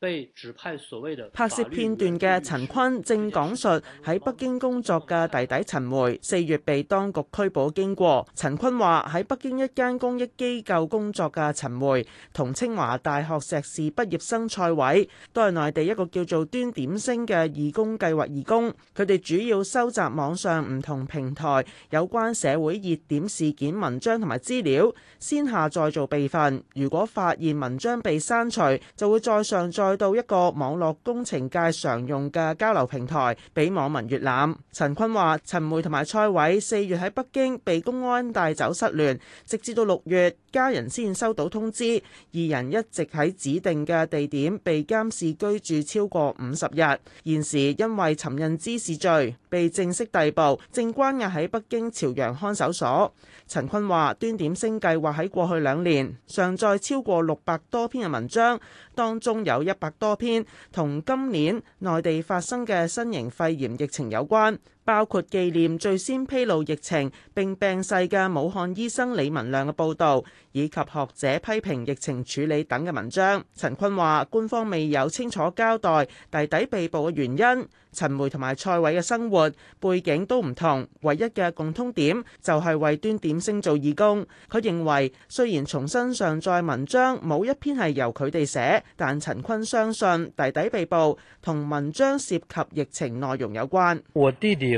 被指派所謂的律律拍攝片段嘅陳坤正講述喺北京工作嘅弟弟陳梅四月被當局拘捕經過。陳坤話喺北京一間公益機構工作嘅陳梅同清華大學碩士畢業生蔡偉都係內地一個叫做端點星嘅義工計劃義工，佢哋主要收集網上唔同平台有關社會熱點事件文章同埋資料，先下載做備份。如果發現文章被刪除，就會再上載。再到一個網絡工程界常用嘅交流平台俾網民閲覽。陳坤話：陳梅同埋蔡偉四月喺北京被公安帶走失聯，直至到六月家人先收到通知，二人一直喺指定嘅地點被監視居住超過五十日。現時因為尋釁滋事罪被正式逮捕，正關押喺北京朝陽看守所。陳坤話：端點星計劃喺過去兩年上載超過六百多篇嘅文章。當中有一百多篇同今年內地發生嘅新型肺炎疫情有關。包括紀念最先披露疫情並病逝嘅武漢醫生李文亮嘅報導，以及學者批評疫情處理等嘅文章。陳坤話：官方未有清楚交代弟弟被捕嘅原因。陳梅同埋蔡偉嘅生活背景都唔同，唯一嘅共通點就係為端點星做義工。佢認為雖然重新上載文章冇一篇係由佢哋寫，但陳坤相信弟弟被捕同文章涉及疫情內容有關。我弟弟。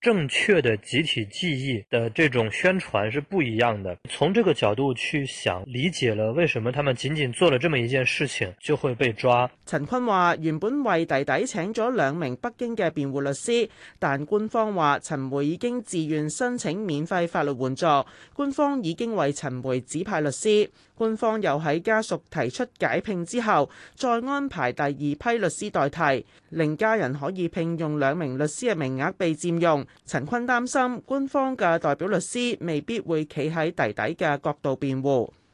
正確的集體記憶的這種宣傳是不一樣的。從這個角度去想，理解了為什麼他們僅僅做了這麼一件事情就會被抓。陳坤話：原本為弟弟請咗兩名北京嘅辯護律師，但官方話陳梅已經自願申請免費法律援助，官方已經為陳梅指派律師。官方又喺家屬提出解聘之後，再安排第二批律師代替，令家人可以聘用兩名律師嘅名額被占用。陳坤擔心官方嘅代表律師未必會企喺弟弟嘅角度辯護。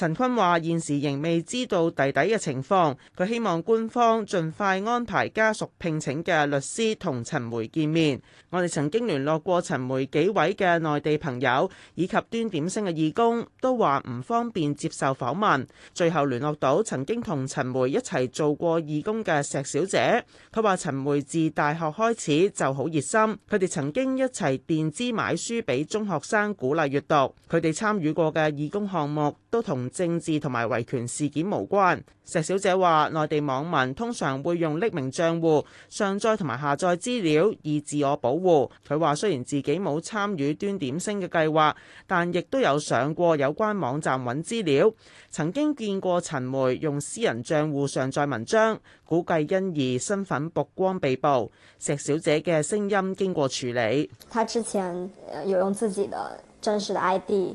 陳坤話：現時仍未知道弟弟嘅情況，佢希望官方盡快安排家屬聘請嘅律師同陳梅見面。我哋曾經聯絡過陳梅幾位嘅內地朋友以及端點星嘅義工，都話唔方便接受訪問。最後聯絡到曾經同陳梅一齊做過義工嘅石小姐，佢話陳梅自大學開始就好熱心，佢哋曾經一齊墊資買書俾中學生鼓勵閱讀。佢哋參與過嘅義工項目都同。政治同埋維權事件無關。石小姐話，內地網民通常會用匿名賬戶上載同埋下載資料，以自我保護。佢話，雖然自己冇參與端點星嘅計劃，但亦都有上過有關網站揾資料。曾經見過陳梅用私人賬戶上載文章，估計因而身份曝光被捕。石小姐嘅聲音經過處理。她之前有用自己的真實的 ID。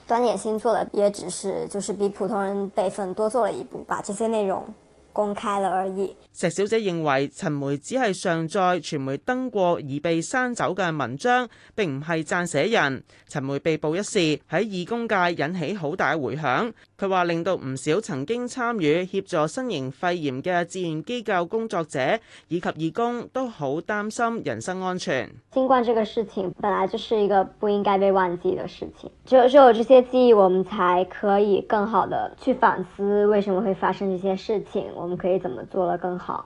端點星做的，也只是就是比普通人備份多做了一步，把這些內容公開了而已。石小姐認為陳梅只係上載傳媒登過而被刪走嘅文章，並唔係撰寫人。陳梅被捕一事喺義工界引起好大回響。佢話令到唔少曾經參與協助新型肺炎嘅志願機構工作者以及義工都好擔心人身安全。新冠這個事情，本來就是一個不應該被忘記的事情。只有只有這些記憶，我們才可以更好的去反思，為什麼會發生這些事情，我們可以怎麼做得更好。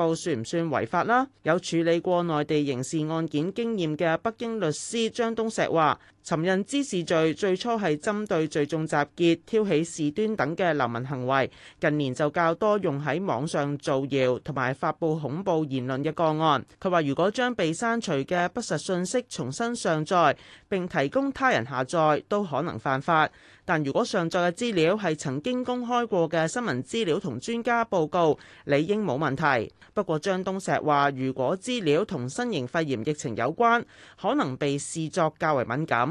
算唔算違法啦？有處理過內地刑事案件經驗嘅北京律師張東石話。尋釁滋事罪最初係針對聚眾集結、挑起事端等嘅流氓行為，近年就較多用喺網上造謠同埋發布恐怖言論嘅個案。佢話：如果將被刪除嘅不實信息重新上載並提供他人下載，都可能犯法。但如果上載嘅資料係曾經公開過嘅新聞資料同專家報告，理應冇問題。不過張東石話：如果資料同新型肺炎疫情有關，可能被視作較為敏感。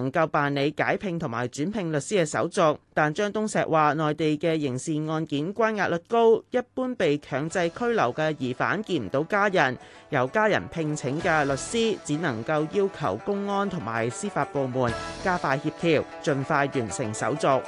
能夠辦理解聘同埋轉聘律師嘅手續，但張東石話，內地嘅刑事案件關押率高，一般被強制拘留嘅疑犯見唔到家人，由家人聘請嘅律師只能夠要求公安同埋司法部門加快協調，盡快完成手續。